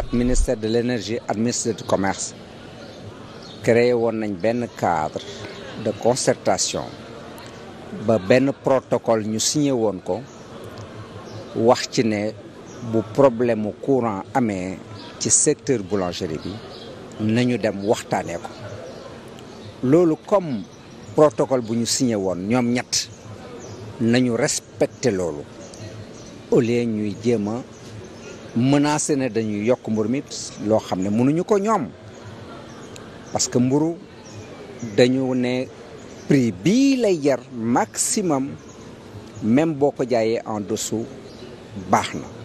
ak ministère de l'énergie ak ministère du commerce créé woon nañ benn cadre de concertation ba benn protocole ñu signé woon ko wax ci ne bu problème mu courant amee ci secteur boulangerie bi nañu dem waxtaanee ko loolu comme protocole bu ñu signé woon ñoom ñett nañu respecté loolu au ñuy jéem a menacé ne dañuy yokk mburu mi loo xam ne mënuñu ko ñoom parce que mburu dañu ne prix bii lay jar maximum même boo ko jaayee en su baax na